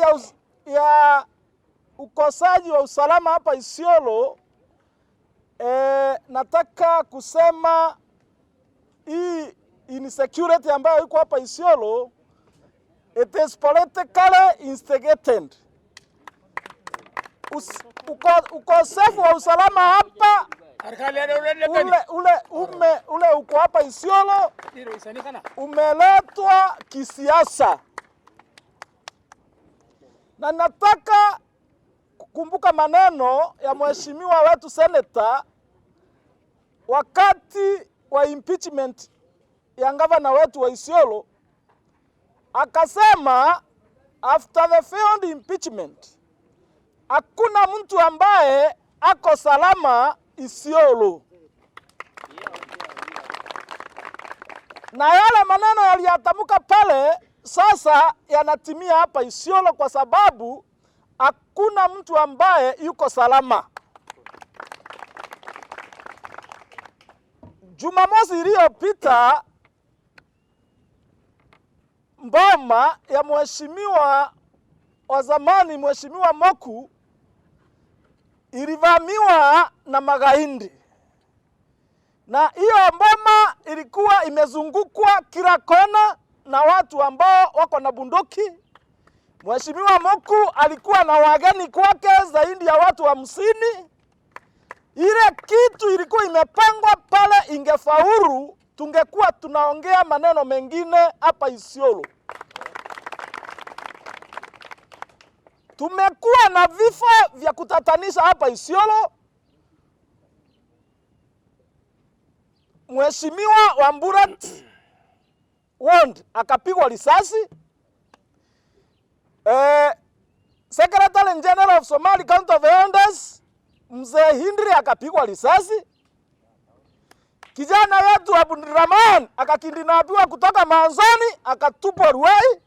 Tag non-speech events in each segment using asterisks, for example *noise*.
ya, us, ya ukosaji wa usalama hapa Isiolo e, nataka kusema hii insecurity ambayo iko hapa Isiolo it is politically instigated. Us, uko, ukosefu wa usalama hapa ule, ule, ume, ule uko hapa Isiolo umeletwa kisiasa na nataka kukumbuka maneno ya mheshimiwa wetu seneta wakati wa impeachment ya gavana wetu wa Isiolo, akasema after the failed impeachment hakuna mtu ambaye ako salama Isiolo. Na yale maneno yaliyatamka pale sasa yanatimia hapa Isiolo kwa sababu hakuna mtu ambaye yuko salama. Jumamosi iliyopita mboma ya mheshimiwa wa zamani Mheshimiwa Moku ilivamiwa na magaindi, na hiyo mboma ilikuwa imezungukwa kila kona na watu ambao wako na bunduki. Mheshimiwa moku alikuwa na wageni kwake zaidi ya watu hamsini msini ile kitu ilikuwa imepangwa pale, ingefaulu tungekuwa tunaongea maneno mengine hapa Isiolo. Tumekuwa na vifo vya kutatanisha hapa Isiolo. Mheshimiwa Wamburat wound akapigwa risasi. Eh, Secretary General of Somali Count of Elders Mzee Hindri akapigwa risasi. Kijana wetu Abdurahman akakindinapiwa kutoka Manzoni akatupwa Ruai.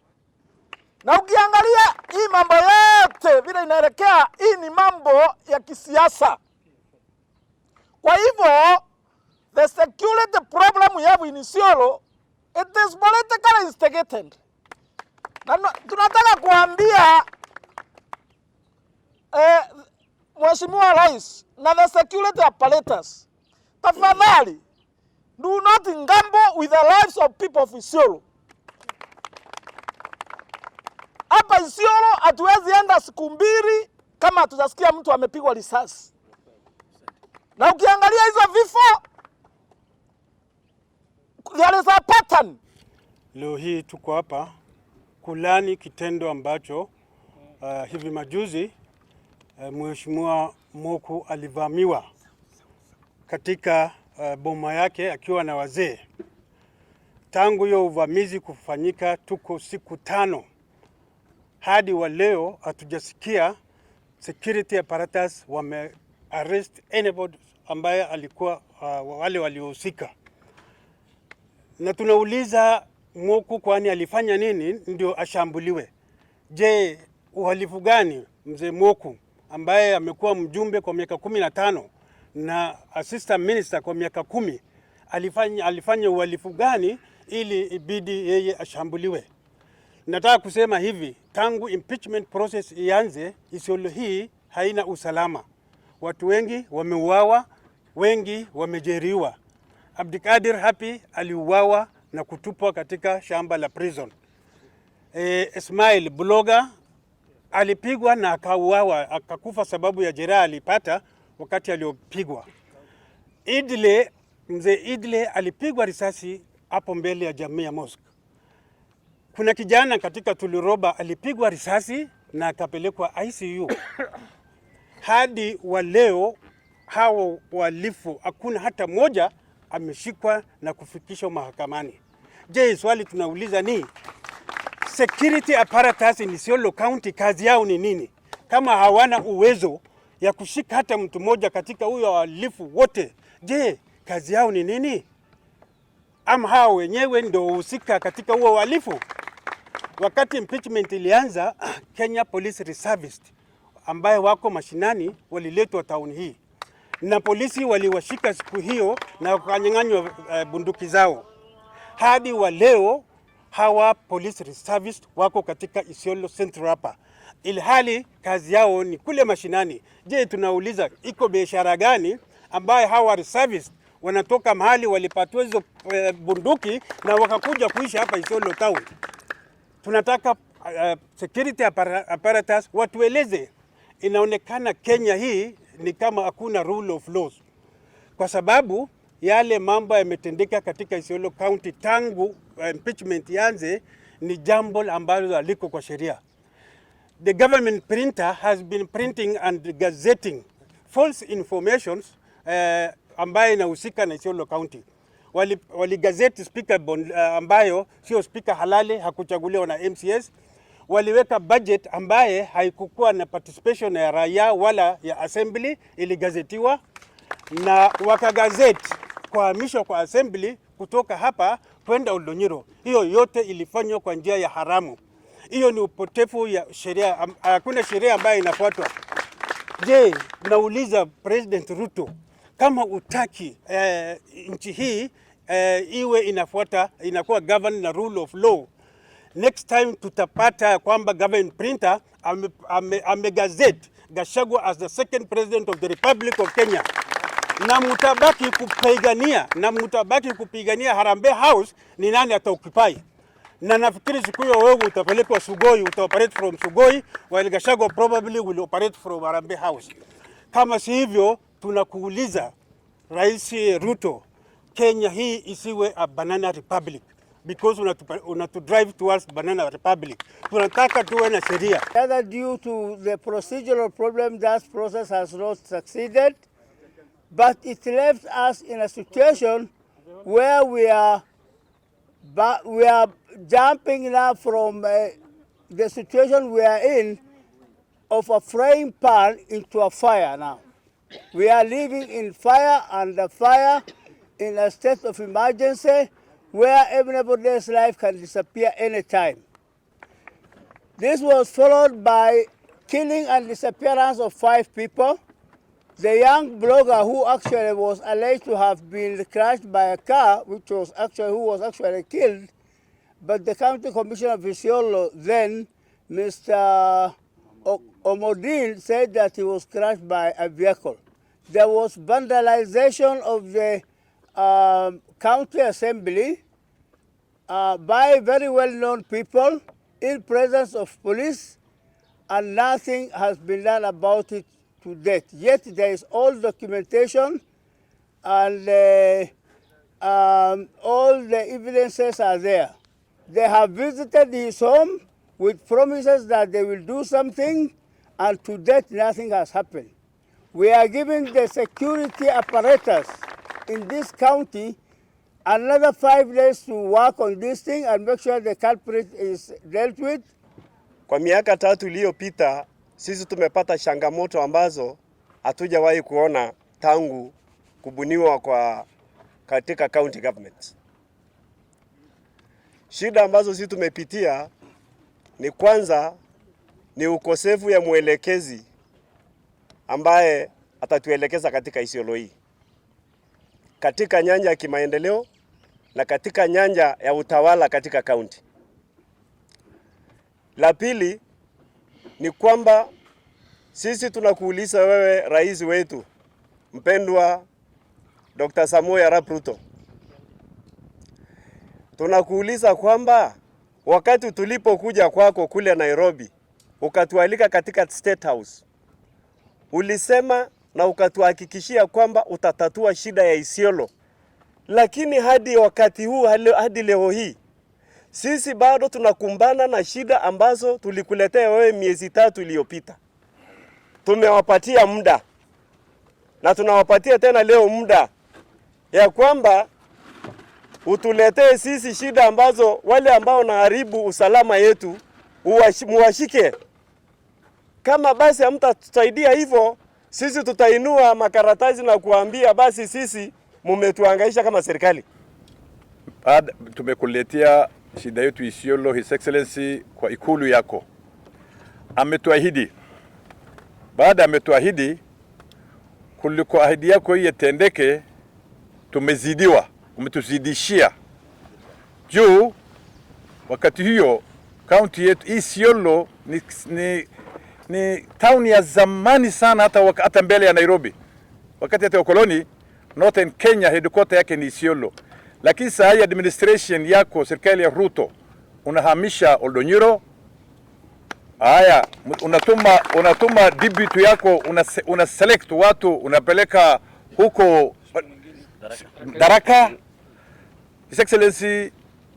Na ukiangalia hii mambo yote vile inaelekea, hii ni mambo ya kisiasa. Kwa hivyo the security problem have in Isiolo It is politically instigated. Na tunataka kuambia eh, Mheshimiwa Rais na the security apparatus, tafadhali do not gamble with the lives of people of Isiolo. Hapa Isiolo hatuwezi enda siku mbili kama hatujasikia mtu amepigwa risasi, na ukiangalia hizo vifo there is a pattern. Leo hii tuko hapa kulani kitendo ambacho uh, hivi majuzi uh, Mheshimiwa Moku alivamiwa katika uh, boma yake akiwa na wazee. Tangu hiyo uvamizi kufanyika, tuko siku tano hadi wa leo hatujasikia security apparatus wame arrest anybody ambaye alikuwa uh, wale waliohusika na tunauliza Moku kwani alifanya nini ndio ashambuliwe? Je, uhalifu gani mzee Moku ambaye amekuwa mjumbe kwa miaka kumi na tano na assistant minister kwa miaka kumi alifanya, alifanya uhalifu gani ili ibidi yeye ashambuliwe? Nataka kusema hivi, tangu impeachment process ianze, Isiolo hii haina usalama. Watu wengi wameuawa, wengi wamejeruhiwa. Abdikadir Hapi aliuawa na kutupwa katika shamba la prison. E, Ismail bloga alipigwa na akauawa akakufa sababu ya jeraha alipata wakati aliopigwa. Idle, mzee Idle alipigwa risasi hapo mbele ya jamii ya mosque. Kuna kijana katika Tuliroba alipigwa risasi na akapelekwa ICU. *coughs* Hadi wa leo hao walifu hakuna hata moja ameshikwa na kufikishwa mahakamani. Je, swali tunauliza ni security apparatus in Isiolo County kazi yao ni nini kama hawana uwezo ya kushika hata mtu mmoja katika huyo wahalifu wote? Je, kazi yao ni nini? Ama hao wenyewe ndio husika katika huo uhalifu? Wakati impeachment ilianza, *clears throat* Kenya Police Reservists ambaye wako mashinani waliletwa tauni hii na polisi waliwashika siku hiyo na wakanyang'anywa e, bunduki zao. Hadi wa leo hawa police reservist wako katika Isiolo Central hapa, ilhali kazi yao ni kule mashinani. Je, tunauliza iko biashara gani ambaye hawa reservist wanatoka mahali walipatiwa hizo e, bunduki na wakakuja kuishi hapa Isiolo town? Tunataka Uh, security apparatus watueleze. Inaonekana Kenya hii ni kama hakuna rule of laws, kwa sababu yale mambo yametendeka katika Isiolo County tangu eh, impeachment yanze ni jambo ambalo aliko kwa sheria. The government printer has been printing and gazetting false informations uh, ambayo inahusika na Isiolo County. Waligazeti wali speaker bond, uh, ambayo sio speaker halali, hakuchaguliwa na MCS waliweka budget ambaye haikukuwa na participation ya raia wala ya assembly, iligazetiwa na wakagazeti kuhamishwa kwa assembly kutoka hapa kwenda Oldonyiro. Hiyo yote ilifanywa kwa njia ya haramu. Hiyo ni upotefu ya sheria, hakuna sheria ambayo inafuatwa. Je, nauliza President Ruto, kama utaki eh, nchi hii eh, iwe inafuata inakuwa governed na rule of law next time tutapata kwamba government Printer amegazeti ame Gachagua as the second president of the Republic of Kenya na mutabaki kupigania na mutabaki kupigania Harambee House ni nani ataoccupy na nafikiri siku hiyo wewe utapelekwa Sugoi, utaoperate from Sugoi while Gachagua probably will operate from Harambee House. Kama si hivyo, tunakuuliza Rais Ruto, Kenya hii isiwe a banana republic. because to drive towards banana republic. Tunataka tuwe na sheria. Either due to the procedural problem that process has not succeeded but it left us in a situation where we are we are jumping now from uh, the situation we are in of a frying pan into a fire now. We are living in fire and the fire in a state of emergency where everybody's life can disappear anytime. This was followed by killing and disappearance of five people. The young blogger who actually was alleged to have been crashed by a car, which was actually who was actually killed, but the county commissioner of Isiolo then, Mr. O Omodin, said that he was crashed by a vehicle. There was vandalization of the um, county assembly uh, by very well-known people in presence of police and nothing has been done about it to date. Yet there is all documentation and uh, um, all the evidences are there. They have visited his home with promises that they will do something and to date nothing has happened. We are giving the security apparatus in this county another five days to work on this thing and make sure the culprit is dealt with. Kwa miaka tatu iliyopita sisi tumepata changamoto ambazo hatujawahi kuona tangu kubuniwa kwa katika county government. Shida ambazo sisi tumepitia ni kwanza ni ukosefu ya mwelekezi ambaye atatuelekeza katika Isiolo hii katika nyanja ya kimaendeleo na katika nyanja ya utawala katika kaunti. La pili ni kwamba sisi tunakuuliza wewe rais wetu mpendwa Dr. Samoei Arap Ruto, tunakuuliza kwamba wakati tulipokuja kwako kule Nairobi ukatualika katika State House, ulisema na ukatuhakikishia kwamba utatatua shida ya Isiolo. Lakini hadi wakati huu, hadi leo hii, sisi bado tunakumbana na shida ambazo tulikuletea wewe miezi tatu iliyopita. Tumewapatia muda na tunawapatia tena leo muda ya kwamba utuletee sisi shida ambazo wale ambao wanaharibu usalama yetu muwashike. Kama basi hamtatusaidia hivyo, sisi tutainua makaratasi na kuambia basi sisi mumetuangaisha kama serikali. Tumekuletea shida yetu Isiolo, His Excellency, kwa ikulu yako. Ametuahidi, baada ametuahidi, kuliko ahidi yako hii yetendeke, tumezidiwa, umetuzidishia juu wakati hiyo kaunti yetu Isiolo ni, ni, ni tauni ya zamani sana, hata, hata mbele ya Nairobi wakati hata wakoloni Northern Kenya headquarter yake ni Isiolo, lakini saa hii administration yako serikali ya Ruto unahamisha Oldonyiro. Haya, unatuma unatuma dibitu yako una, una select watu unapeleka huko Daraka, Daraka. His Excellency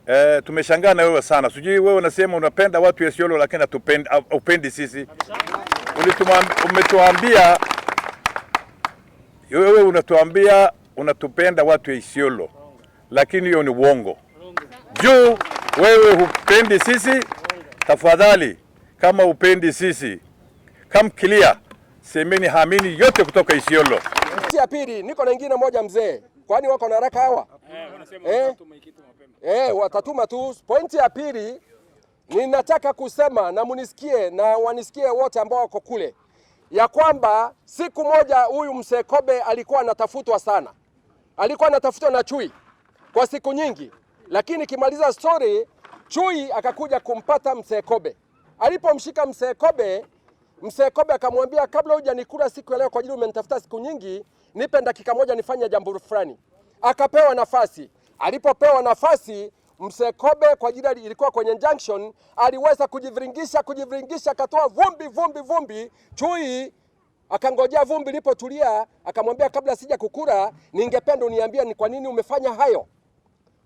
eh, tumeshangaa na wewe sana. Sijui wewe unasema unapenda watu ya Isiolo, lakini hatupendi, upendi sisi umetuambia wewe unatuambia unatupenda watu ya Isiolo, lakini hiyo ni uongo. Juu wewe hupendi sisi, tafadhali, kama upendi sisi, come clear, semeni hamini yote kutoka Isiolo. Ya pili, niko na ingine moja mzee, kwani wako na haraka hawa eh? Eh? eh, watatuma tu. Pointi ya pili ninataka kusema na munisikie na wanisikie wote ambao wako kule ya kwamba siku moja huyu mzee Kobe alikuwa anatafutwa sana, alikuwa anatafutwa na chui kwa siku nyingi, lakini ikimaliza story, chui akakuja kumpata mzee Kobe. Alipomshika mzee Kobe, mzee Kobe akamwambia, kabla hujanikula siku ya leo, kwa ajili umenitafuta siku nyingi, nipe dakika moja nifanye jambo fulani. Akapewa nafasi. Alipopewa nafasi, Mzee Kobe kwa jina ilikuwa kwenye junction, aliweza kujiviringisha kujiviringisha, akatoa vumbi vumbi vumbi. Chui akangojea vumbi lipotulia, akamwambia kabla sija kukura, ningependa uniambia ni kwa nini umefanya hayo.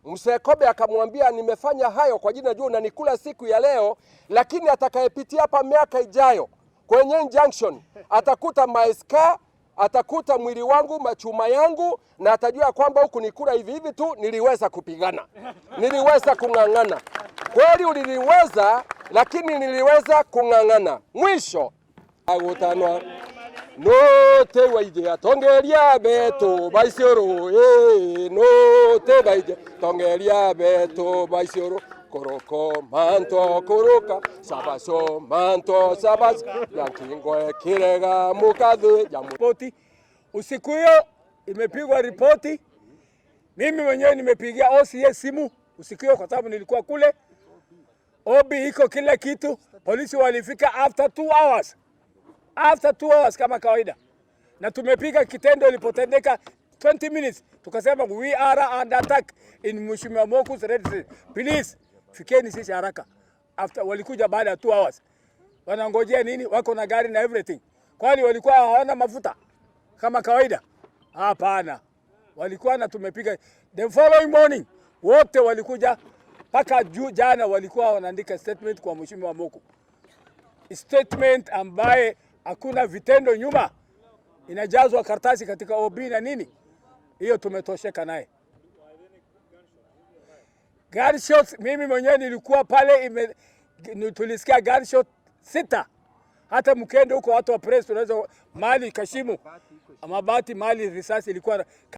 Mzee Kobe akamwambia nimefanya hayo kwa jina, jua unanikula siku ya leo, lakini atakayepitia hapa miaka ijayo kwenye junction atakuta maeska atakuta mwili wangu, machuma yangu, na atajua kwamba huku ni kula hivi hivi tu. Niliweza kupigana, niliweza kung'ang'ana. Kweli uliliweza, lakini niliweza kung'ang'ana. Mwisho agutanwa no te waije atongeria betu baisioro eh no te baije tongeria betu baisioro koroko manto kuruka sabaso manto sabas yankingo ekirega mukadhi jamoti. Usiku hiyo imepigwa ripoti, mimi mwenyewe nimepigia OCS simu usiku hiyo, kwa sababu nilikuwa kule Obi, iko kila kitu. Polisi walifika after two hours, after two hours kama kawaida, na tumepiga kitendo ilipotendeka 20 minutes tukasema we are under attack in Mheshimiwa Moku's red Please Fikeni sisi haraka. After walikuja baada ya 2 hours. Wanangojea nini? Wako na gari na everything. Kwani walikuwa hawana mafuta kama kawaida? Hapana. Walikuwa na tumepiga. The following morning wote walikuja mpaka juu jana walikuwa wanaandika statement kwa mheshimiwa Moko. Statement ambaye hakuna vitendo nyuma, inajazwa kartasi katika OB na nini. Hiyo tumetosheka naye. Gunshot, mimi mwenyewe nilikuwa pale ime, tulisikia gunshot sita. Hata mkende huko watu wa press tunaweza mali kashimu mabati mali risasi ilikuwa